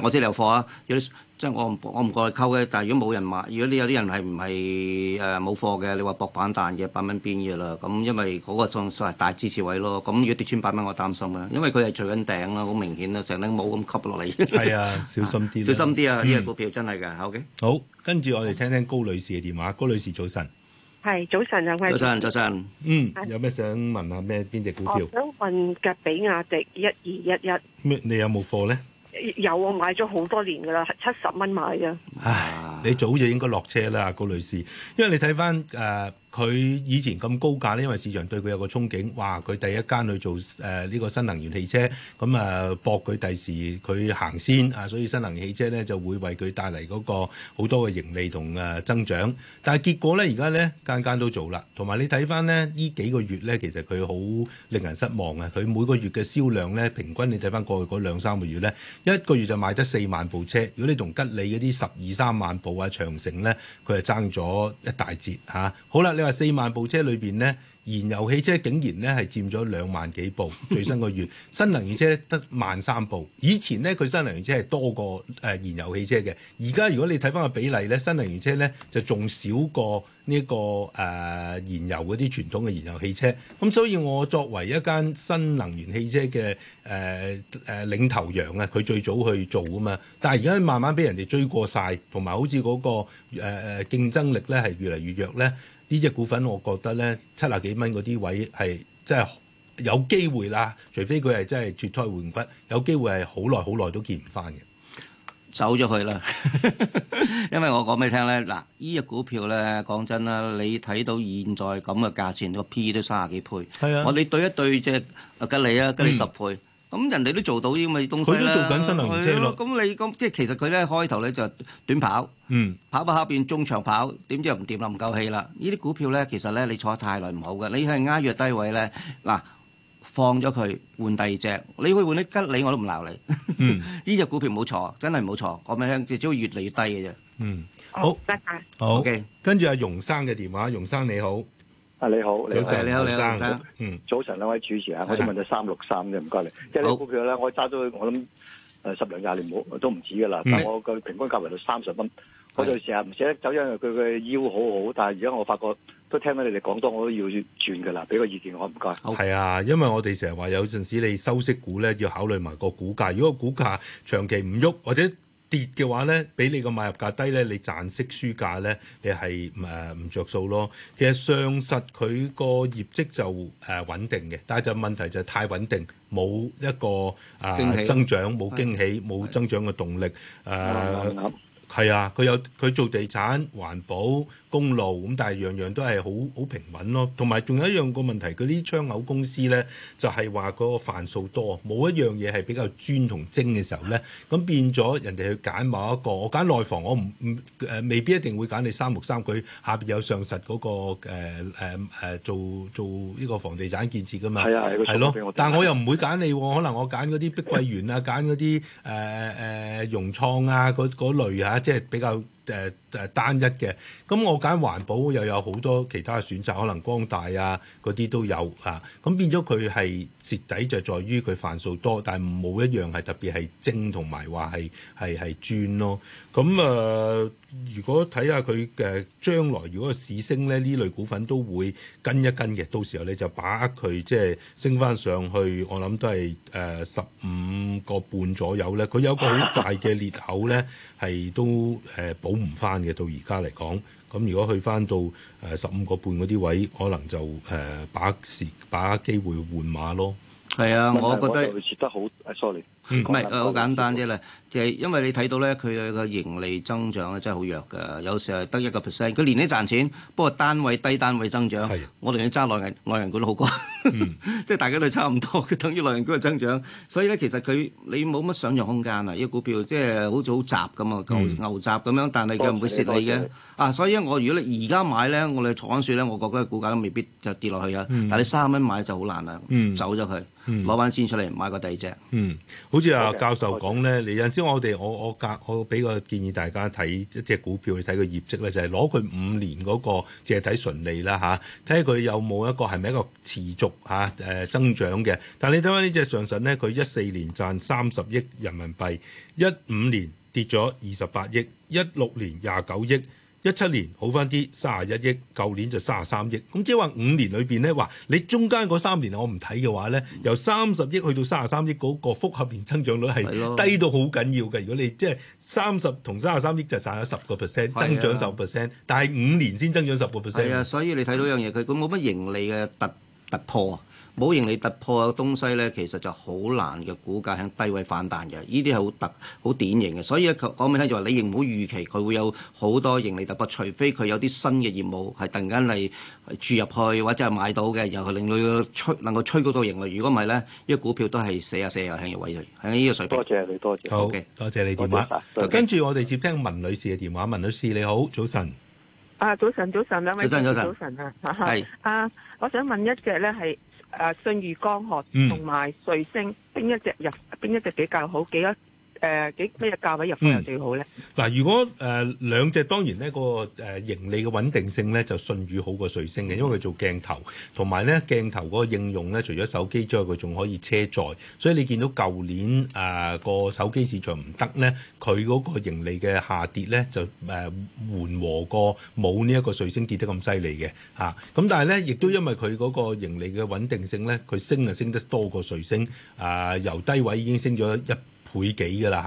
Speaker 3: 我知你有貨啊。即係我唔我唔過去溝嘅。但係如果冇人買，如果你有啲人係唔係誒冇貨嘅，你話搏反彈嘅八蚊邊嘅啦。咁因為嗰個算係大支持位咯。咁如果跌穿八蚊，我擔心啦，因為佢係除緊頂啦，好明顯啦，成頂帽咁吸落
Speaker 1: 嚟。係啊，小心啲、啊。小心啲啊！呢啲、嗯、股票真係㗎，OK。好，跟住我哋聽聽高女士嘅電話。高女士，早晨。係，早晨啊，貴早晨早晨，嗯，有咩想問下咩邊隻股票？我想
Speaker 2: 問嘅比亞迪一二一一。
Speaker 1: 咩？你有冇貨
Speaker 2: 咧？有啊，我買咗好多年噶啦，七十蚊買嘅。唉，
Speaker 1: 你早就應該落車啦，高女士，因為你睇返誒。佢以前咁高價咧，因為市場對佢有個憧憬，哇！佢第一間去做誒呢、呃這個新能源汽車，咁、呃、啊搏佢第時佢行先啊，所以新能源汽車咧就會為佢帶嚟嗰個好多嘅盈利同誒、呃、增長。但係結果咧，而家咧間間都做啦，同埋你睇翻咧呢幾個月咧，其實佢好令人失望啊！佢每個月嘅銷量咧，平均你睇翻過去嗰兩三個月咧，一個月就賣得四萬部車。如果你同吉利嗰啲十二三萬部啊，長城咧，佢係爭咗一大截嚇、啊。好啦。四萬部車裏邊咧，燃油汽車竟然咧係佔咗兩萬幾部，最新個月，新能源車得萬三部。以前咧，佢新能源車係多過誒、呃、燃油汽車嘅，而家如果你睇翻個比例咧，新能源車咧就仲少過呢、這個誒、呃、燃油嗰啲傳統嘅燃油汽車。咁所以我作為一間新能源汽車嘅誒誒領頭羊啊，佢最早去做啊嘛，但係而家慢慢俾人哋追過晒，同埋好似嗰、那個誒誒競爭力咧係越嚟越弱咧。呢隻股份，我覺得咧七十幾蚊嗰啲位係真係有機會啦，除非佢係真係脫胎換骨，有機會係好耐好耐都見唔翻嘅，走咗去啦。 因為我講俾你聽咧，嗱，呢隻
Speaker 3: 股票咧講真啦，你睇到現在咁嘅價錢，個 P 都三十幾倍。係啊，我哋對一對隻、啊、吉利啊，吉利十倍。嗯咁人哋都做到啲咁嘅東西，佢都做緊新能源車咯。咁你咁即係其實佢咧開頭咧就短跑，嗯，跑跑下變中長跑，點知又唔掂啦，唔夠氣啦。呢啲股票咧其實咧你坐太耐唔好嘅，你係壓弱低位咧，嗱，放咗佢換第二隻，你可以換啲吉利我都唔鬧你。
Speaker 2: 嗯，
Speaker 3: 呢隻股票冇錯，真係冇錯，我咪向只會越嚟越低嘅啫。嗯，
Speaker 1: 好，多謝。好，OK，跟住阿容生嘅電話，容生你好。啊！你好，多謝你好，你好唔該，嗯，早晨兩位主持啊，我想問你三六三嘅，唔該你，即係啲股票咧，我揸咗我諗誒十兩廿年冇，都唔止㗎啦，但我個平均價圍到三十蚊，的我就成日唔捨得走，因為佢嘅腰好好，但係而家我發覺都聽到你哋講多，我都要轉㗎啦，俾個意見我唔該，好係啊，因為我哋成日話有陣時你收息股咧，要考慮埋個股價，如果股價長期唔喐或者。跌嘅話咧，俾你個買入價低咧，你賺息輸價咧，你係誒唔着數咯。其實上實佢個業績就誒、呃、穩定嘅，但係就問題就係太穩定，冇一個誒、呃、喜增長，冇的驚喜，冇的增長嘅動力。誒的，係啊、呃，佢有佢做地產環保。公路咁，但係樣樣都係好好平穩咯。同埋仲有一樣個問題，佢啲窗口公司咧，就係、是、話個範數多，冇一樣嘢係比較專同精嘅時候咧，咁變咗人哋去揀某一個。我揀內房，我唔唔誒，未必一定會揀你三六三佢下邊有上實嗰、那個誒誒、呃呃、做做呢個房地產建設噶嘛。係啊，係咯，但我又唔會揀你，可能我揀嗰啲碧桂園啊，揀嗰啲誒誒融創啊，嗰嗰類嚇、啊，即係比較。誒誒、呃呃、單一嘅，咁我揀環保又有好多其他選擇，可能光大啊嗰啲都有啊，咁變咗佢係徹底就在於佢範數多，但係冇一樣係特別係精同埋話係係係專咯。咁誒、呃，如果睇下佢嘅將來，如果市升咧，呢類股份都會跟一跟嘅。到時候你就把握佢即係升翻上去，我諗都係誒十五個半左右咧。佢有個好大嘅裂口咧，係 都誒補唔翻嘅。到而家嚟講，咁如果去翻到誒十五個半嗰啲位，可能就誒、呃、把時把握機會換馬咯。係啊，我覺得
Speaker 2: 蝕得好。誒，sorry。唔係好簡單
Speaker 1: 啫
Speaker 3: 啦，就係因為你睇到咧，佢個盈利增長咧真係好弱嘅，有時係得一個 percent。佢年年賺錢，不過單位低，單位增長。我同你揸內銀內銀股都好過，即係大家都差唔多，佢等於內銀股嘅增長。所以咧，其實佢你冇乜想像空間啊！依個股票即係好似好雜咁啊，牛牛雜咁樣，但係佢唔會蝕你嘅。啊，所以咧，我如果你而家買咧，我哋坐倉鼠咧，我覺得個股價未必就跌落去啊。但係你三蚊買就好
Speaker 1: 難啦，走咗佢，攞翻錢出嚟買個第二隻。好似話教授講咧，你有陣時我哋我我夾我俾個建議大家睇一隻股票，你睇佢業績咧，就係攞佢五年嗰、那個，即係睇純利啦嚇，睇下佢有冇一個係咪一個持續嚇誒、啊呃、增長嘅。但係你睇翻呢隻上實咧，佢一四年賺三十億人民幣，一五年跌咗二十八億，一六年廿九億。一七年好翻啲，三十一億，舊年就三十三億。咁即係話五年裏邊咧，話你中間嗰三年我唔睇嘅話咧，嗯、由三十億去到三十三億嗰個複合年增長率係低到好緊要嘅。的如果你即係三十同三十三億就賺咗十個 percent 增長十 percent，但係五年先增長十個 percent。係啊，所以你
Speaker 3: 睇到樣嘢，佢佢冇乜盈利嘅突突破。冇盈利突破嘅東西咧，其實就好難嘅股價向低位反彈嘅。呢啲係好特、好典型嘅。所以咧講明咧就話，你亦唔好預期佢會有好多盈利突破，除非佢有啲新嘅業務係突然間嚟注入去或者係買到嘅，又係令到佢吹能夠吹高到盈利。如果唔係咧，呢個股票都係死啊死啊，向入位咗。喺呢個水平。多謝你，多
Speaker 1: 謝。好，多謝你電話。跟住我哋接聽文女士嘅電話。文女士你好，早晨。啊，早晨，
Speaker 2: 早晨，兩位早晨，早晨啊，係。啊，我想問一隻咧係。誒信譽江河同埋瑞星，邊一隻入？邊一隻比較好？幾多？誒幾咩價
Speaker 1: 位入去又最好咧？嗱、嗯，如果誒兩隻當然呢嗰、嗰個、呃、盈利嘅穩定性咧就舜宇好過瑞星嘅，因為佢做鏡頭，同埋咧鏡頭嗰個應用咧，除咗手機之外，佢仲可以車載，所以你見到舊年誒個、呃、手機市場唔得咧，佢嗰個盈利嘅下跌咧就誒緩、呃、和過冇呢一個瑞星跌得咁犀利嘅嚇。咁、啊、但係咧，亦都因為佢嗰個盈利嘅穩定性咧，佢升啊升得多過瑞星，啊、呃、由低位已經升咗一。倍幾嘅啦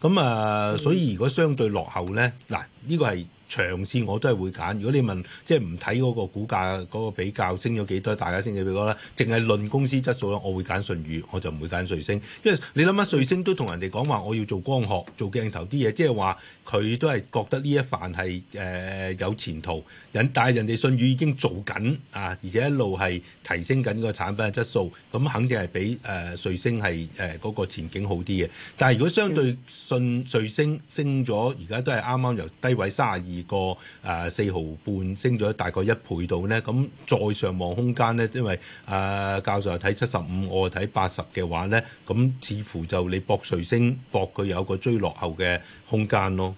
Speaker 1: 吓，咁啊，所以如果相對落後咧，嗱，呢個係。 長線我都係會揀。如果你問即係唔睇嗰個股價嗰、嗰個比較升咗幾多，大家升幾多咧？淨係論公司質素咧，我會揀順宇，我就唔會揀瑞星。因為你諗下，瑞星都同人哋講話，我要做光學、做鏡頭啲嘢，即係話佢都係覺得呢一範係誒有前途。但人但係人哋順宇已經做緊啊，而且一路係提升緊個產品嘅質素，咁肯定係比誒、呃、瑞星係誒嗰個前景好啲嘅。但係如果相對順瑞星升咗，而家都係啱啱由低位三十二。個誒四毫半升咗大概一倍度呢，咁再上望空間呢，因為誒、呃、教授75，話睇七十五，我話睇八十嘅話呢，咁似乎就你博瑞聲博佢有個追落後嘅空間咯。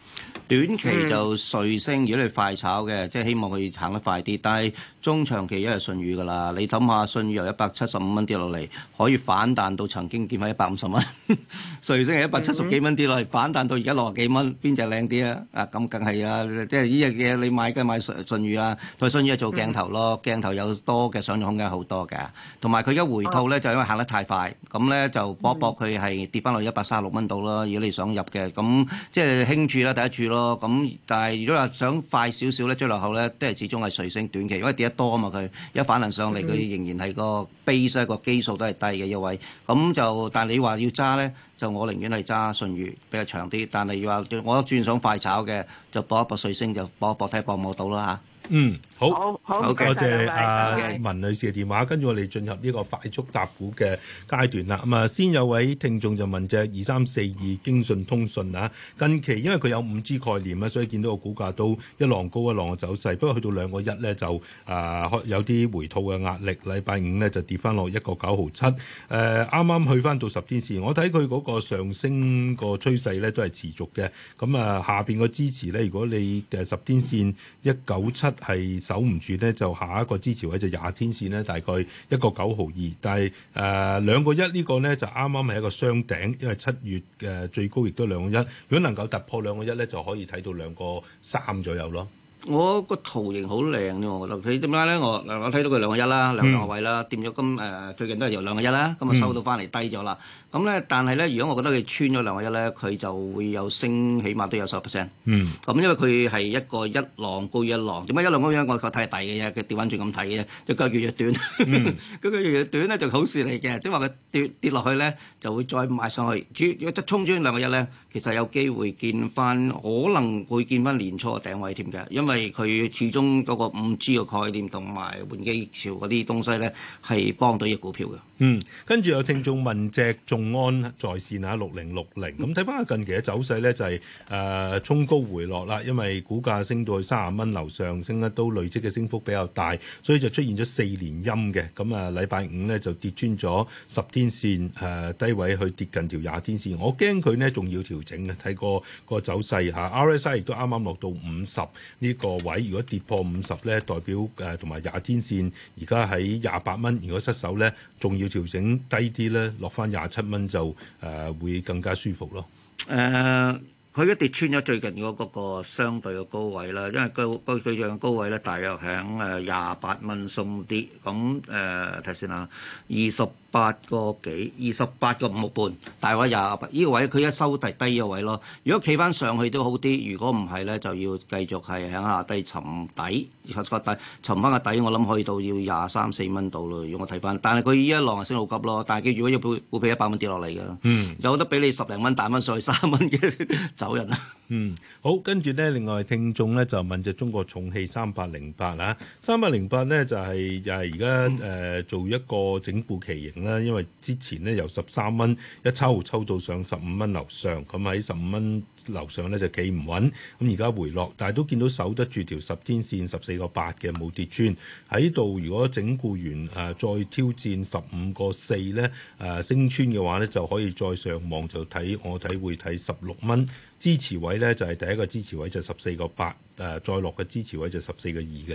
Speaker 1: 短期就瑞聲，如果你快炒嘅，
Speaker 3: 即係希望佢行得快啲。但係中長期因為舜宇㗎啦，你諗下，舜宇由一百七十五蚊跌落嚟，可以反彈到曾經見翻一百五十蚊，瑞聲係一百七十幾蚊跌落嚟，反彈到而家六十幾蚊，邊隻靚啲啊？啊，咁梗係啊！即係呢樣嘢，你買梗係買舜舜宇啦。對舜宇做鏡頭咯，鏡頭有多嘅想像空間好多㗎。同埋佢一回吐咧，就因為行得太快，咁咧就搏搏佢係跌翻落一百三十六蚊度啦。如果你想入嘅，咁即係輕注啦，第一注咯。咁但係如果話想快少少咧，追落後咧，都係始終係瑞星短期，因為跌得多啊嘛，佢一反彈上嚟，佢仍然係個 basic 個基數都係低嘅一位。咁就但係你話要揸咧，就我寧願係揸信譽比較長啲。但係要話我一轉想快炒嘅，就搏一搏瑞星，就搏一搏睇搏唔冇到啦
Speaker 1: 嚇。啊、嗯。好，好，多謝阿文女士嘅電話，跟住 Okay. 我哋進入呢個快速答股嘅階段啦。咁啊，先有位聽眾就問隻二三四二京信通訊啊，近期因為佢有五 G 概念啊，所以見到個股價都一浪高一浪嘅走勢。不過去到兩個一咧就啊、呃，有啲回吐嘅壓力。禮拜五咧就跌翻落一個九毫七。誒，啱啱去翻到十天線，我睇佢嗰個上升個趨勢咧都係持續嘅。咁、嗯、啊、呃，下邊個支持咧，如果你嘅十天線一九七係。守唔住咧，就下一個支持位就廿天線咧，大概一、呃、個九毫二。但係誒兩個一呢個咧，就啱啱係一個雙頂，因為七月嘅、呃、最高亦都兩個一。如果能夠突破兩個一咧，就可以睇到兩個三左右咯。我個
Speaker 3: 圖形好靚啫，我覺得。佢點解咧？我嗱，我睇到佢兩個一啦，兩個位啦，掂咗咁誒，最近都係由兩個一啦，咁啊收到翻嚟低咗啦。咁咧，但係咧，如果我覺得佢穿咗兩個一咧，佢就會有升，起碼都有十 percent。嗯。咁因為佢係一個一浪高於一浪，點解一浪高於一浪？我睇大嘅啫，佢調翻轉咁睇嘅啫，越割越越短。嗯。咁佢越越短咧，就好事嚟嘅，即係話佢跌跌落去咧，就會再買上去。如果一衝穿兩個一咧，其實有機會見翻，可能會見翻年初嘅頂位添嘅，因為。因為佢始終嗰個五 G 嘅概念同埋換機潮嗰啲東西咧，係幫到隻股票
Speaker 1: 嘅。嗯，跟住有聽眾問隻眾安在線啊，六零六零，咁睇返近期嘅走勢咧，就係誒衝高回落啦，因為股價升到去三十蚊樓上，升咧都累積嘅升幅比較大，所以就出現咗四連陰嘅，咁啊禮拜五咧就跌穿咗十天線誒、呃、低位去跌近條廿天線，我驚佢呢仲要調整嘅，睇過個走勢嚇、啊、RSI 亦都啱啱落到五十呢個位，如果跌破五十咧，代表誒同埋廿天線而家喺廿八蚊，如果失守咧，仲要，調整低啲咧，落翻廿七蚊就誒會更加舒服咯。誒、呃，佢一跌穿咗最近嗰個相對嘅高位啦，因為個個對象
Speaker 3: 嘅高位咧，大約喺誒廿八蚊鬆啲。咁誒睇先嚇二十，呃，看看八個幾二十八個五六半，大概廿八，依、呢個位佢一收第低依個位咯。如果企翻上去都好啲，如果唔係咧就要繼續係喺下低沉底，發底沉翻個底。我諗可以到要廿三四蚊度咯。如果我睇翻，但係佢依一浪係升好急咯。但係佢如果要補補平一百蚊跌落嚟嘅，有得俾你十零蚊、彈翻上去，三蚊
Speaker 1: 嘅走人啦。嗯，好。跟住呢，另外聽眾呢就問隻中國重汽三八零八嚇，三八零八呢就係又係而家誒做一個整固期型啦。因為之前呢由十三蚊一抽抽到上十五蚊樓上，咁喺十五蚊樓上呢就企唔穩，咁而家回落，但係都見到守得住條十天線十四個八嘅冇跌穿喺度。如果整固完誒、呃、再挑戰十五個四呢誒、呃、升穿嘅話呢，就可以再上望就睇我睇會睇十六蚊。支持位呢，就係、是、第一個支持位就十四個八，誒再落嘅支持位就十四個二嘅。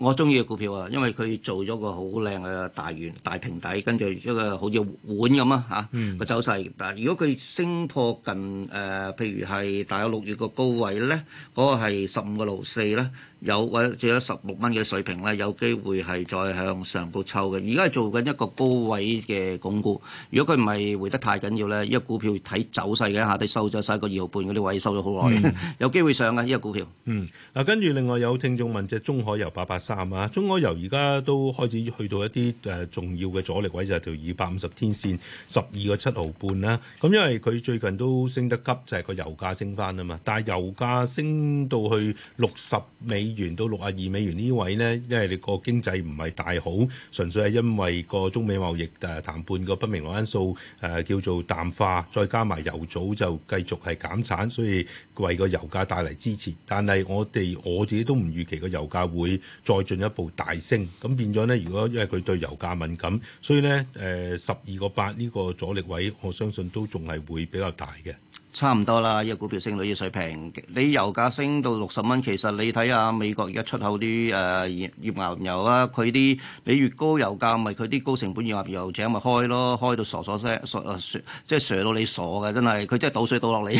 Speaker 1: 我中意嘅股票啊，因為佢做咗個好靚嘅大圓大平底，
Speaker 3: 跟住一個好似碗咁啊嚇個、嗯、走勢。但係如果佢升破近誒、呃，譬如係大約六月個高位咧，嗰、那個係十五個六四咧，有或者仲有十六蚊嘅水平咧，有機會係再向上部抽嘅。而家係做緊一個高位嘅鞏固。如果佢唔係回得太緊要咧，依個股票睇走勢嘅，下跌收咗
Speaker 1: 曬個二毫半嗰啲位，收咗好耐，嗯、 有機會上嘅依、這個股票。嗯，嗱跟住另外有聽眾問隻中海油八八。啊，中海油而家都開始去到一啲誒重要嘅阻力位，就係條二百五十天線十二個七毫半啦。咁因為佢最近都升得急，就係、是、個油價升翻啊嘛。但係油價升到去六十美元到六十二美元呢位呢，因為你個經濟唔係大好，純粹係因為個中美貿易誒談判個不明朗因素誒、呃、叫做淡化，再加埋油組就繼續係減產，所以為個油價帶嚟支持。但係我哋我自己都唔預期個油價會，再進一步大升，咁變咗呢。如果因為佢對油價敏感，所以呢，誒十二個八呢個阻力位，我相信都仲係會比較大嘅。差唔
Speaker 3: 多啦，依個股票升到依個水平。你油價升到六十蚊，其實你睇下美國而家出口啲誒頁頁岩油啊，佢啲你越高油價，咪佢啲高成本頁岩油井咪開咯，開到傻傻聲，傻即係傻到你傻㗎真係，佢真係倒水倒落嚟。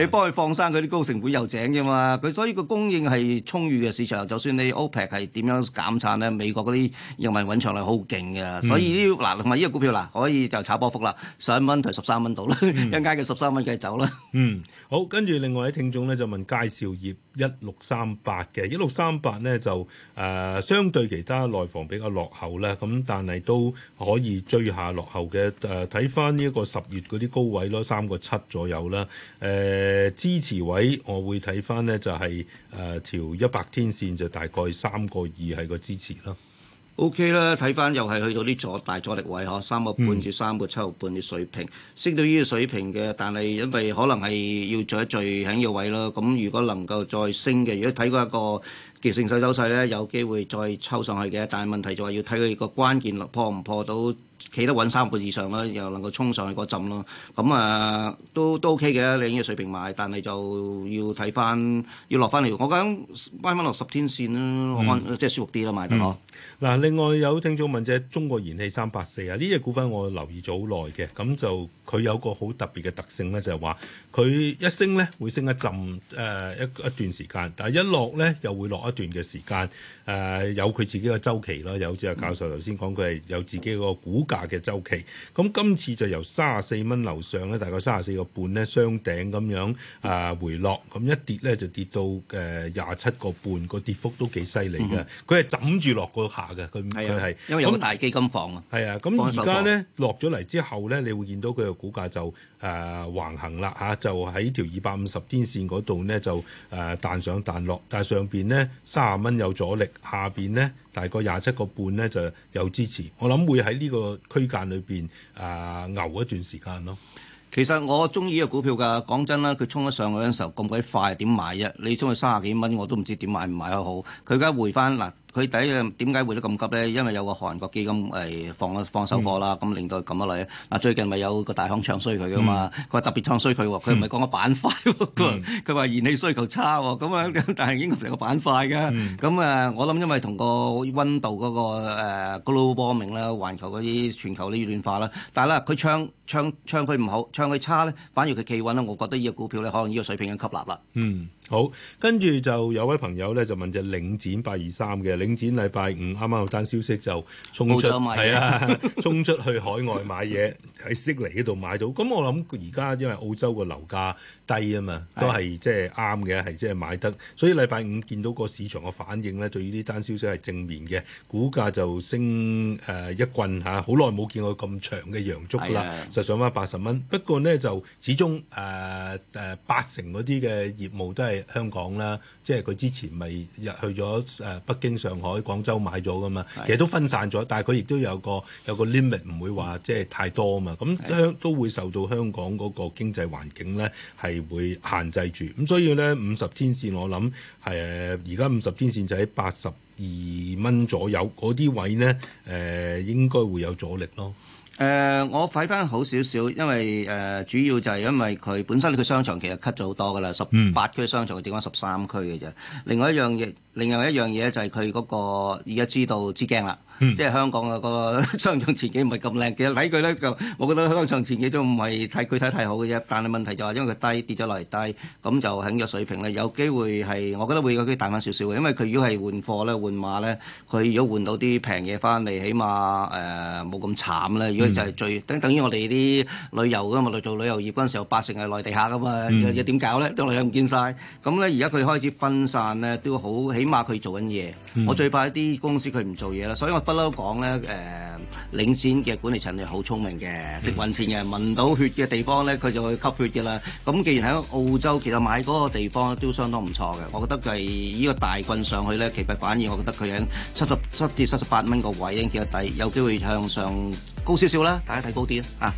Speaker 3: 你幫佢放生佢啲高成本油井啫嘛，佢所以個供應係充裕嘅市場。就算你 OPEC 係點樣減產咧，美國嗰啲油民揾場係好勁嘅，所以啲嗱，咪依個股票嗱，可以就炒波幅啦，十一蚊就十三蚊到啦，一陣間嘅十三蚊梗係走。
Speaker 1: 嗯，好。跟住另外啲聽眾咧就問佳兆業一六三八嘅一六三八咧就誒、呃、相對其他內房比較落後咧，咁但係都可以追下落後嘅誒。睇翻呢一個十月嗰啲高位咯，三個七左右啦。誒、呃、支持位，我會睇翻咧就係、是、誒、呃、條一百天線就大概三個二係個支持啦。
Speaker 3: O K 啦，睇返、okay、又係去到咗大阻力位呵，三個半至三個七毫半嘅水平，嗯、升到呢個水平嘅，但係因為可能係要再聚喺呢個位咯。咁如果能夠再升嘅，如果睇過一個。其實成世走勢咧有機會再抽上去嘅，但係問題就係要睇佢個關鍵破唔破到，企得穩三個以上咯，又能夠衝上去個陣咯。咁啊、呃、都都 OK 嘅，你依個水平買，但係就要睇翻要落翻嚟。我講翻翻落十天線啦，嗯、我講即
Speaker 1: 係舒服啲啦。買得咯。嗱、嗯嗯，另外有聽眾問者中國燃氣三八四啊，呢、這、隻、個、股份我留意咗好耐嘅，咁就佢有個好特別嘅特性咧，就係話佢一升咧會升一浸誒、呃、一一段時間，但係一落咧又會落，一段嘅時間，誒、呃、有佢自己嘅周期咯，有好似阿教授頭先講，佢係有自己個股價嘅周期。咁今次就由三十四蚊樓上咧，大概三十四個半咧雙頂咁樣誒、呃、回落，咁一跌咧就跌到誒廿七個半，個、呃、跌幅都幾犀利嘅。佢係枕住落個下嘅，佢佢係因為有個大基金放那那啊。係啊，咁而家咧落咗嚟之後咧，你會見到佢嘅股價就誒、呃、橫行啦嚇、啊，就喺條二百五十天線嗰度咧就誒彈上彈落，但係上邊咧。三十蚊有阻力，下邊呢，大概廿七個半呢就有支持，我諗會喺呢個區間裏邊啊牛一段時間咯。
Speaker 3: 其實我中意嘅股票㗎，講真啦，佢衝咗上去嗰陣時候咁鬼快，點買啫？你衝去三十幾蚊，我都唔知點買唔買得好。佢而家回翻喇。佢底啊，點解會得咁急咧？因為有個韓國基金誒放放手貨啦，咁、嗯、令到咁啊嚟。嗱最近咪有個大行唱衰佢噶嘛？佢話、嗯、特別唱衰佢喎，佢唔係講個板塊喎，佢佢話燃氣需求差喎，咁啊但係應該係個板塊嘅。咁啊、嗯，我諗因為同個溫度嗰、那個誒、uh, global warming 啦，環球嗰啲全球呢暖化啦。但係咧，佢唱唱唱佢唔好，唱佢差咧，反而佢企穩啦。我覺得呢個股
Speaker 1: 票咧，可能呢個水平已經吸納啦。嗯。好，跟住就有位朋友咧就問隻領展八二三嘅領展，禮拜五啱啱有單消息就衝出，係啊，沖 出去海外買嘢喺悉尼嗰度買到。咁我諗而家因為澳洲個樓價低啊嘛，都係即係啱嘅，係即係買得。所以禮拜五見到個市場嘅反應咧，對於呢單消息係正面嘅，股價就升誒、呃、一棍吓，好耐冇見過咁長嘅陽燭啦，就上翻八十蚊。不過咧就始終誒誒八成嗰啲嘅業務都係。香港啦，即係佢之前咪入去咗誒北京、上海、廣州買咗㗎嘛，其實都分散咗，但係佢亦都有個有個 limit，唔會話即係太多啊嘛。咁香都會受到香港嗰個經濟環境咧，係會限制住咁，所以咧五十天線我諗係而家五十天線就喺八十二蚊左右嗰啲位咧誒、呃，應該會有阻力咯。
Speaker 3: 誒，uh, 我睇翻好少少，因為誒、uh, 主要就係因為佢本身個商場其實 cut 咗好多㗎喇，十八區商場佢剩翻十三區嘅啫。另外一樣嘢，另外一樣嘢就係佢嗰個而家知道知驚啦。嗯、即係香港嗰個商場前景唔係咁靚嘅。睇佢咧就，我覺得香港商場前景都唔係太具體太，太好嘅啫。但係問題就係因為佢低跌咗落嚟低，咁就喺個水平咧，有機會係我覺得會有啲彈翻少少嘅。因為佢如果係換貨咧、換馬咧，佢如果換到啲平嘢翻嚟，起碼誒冇咁慘咧。如果就係最、嗯、等，等於我哋啲旅遊噶嘛，做旅遊業嗰陣時候，八成係內地客噶嘛，又點、嗯、搞咧？都內地唔見晒。咁咧而家佢開始分散咧，都好，起碼佢做緊嘢、嗯。我最怕一啲公司佢唔做嘢啦，所以我。不嬲講咧，誒、呃，領先嘅管理層你好聰明嘅，食雲前嘅聞到血嘅地方咧，佢就會吸血嘅啦。咁既然喺澳洲，其實買嗰個地方都相當唔錯嘅，我覺得佢係依個大棍上去咧，其實反而我覺得佢喺七十七至七十八蚊個位咧，其實抵有機會向上高少
Speaker 2: 少啦，大家睇高啲啊！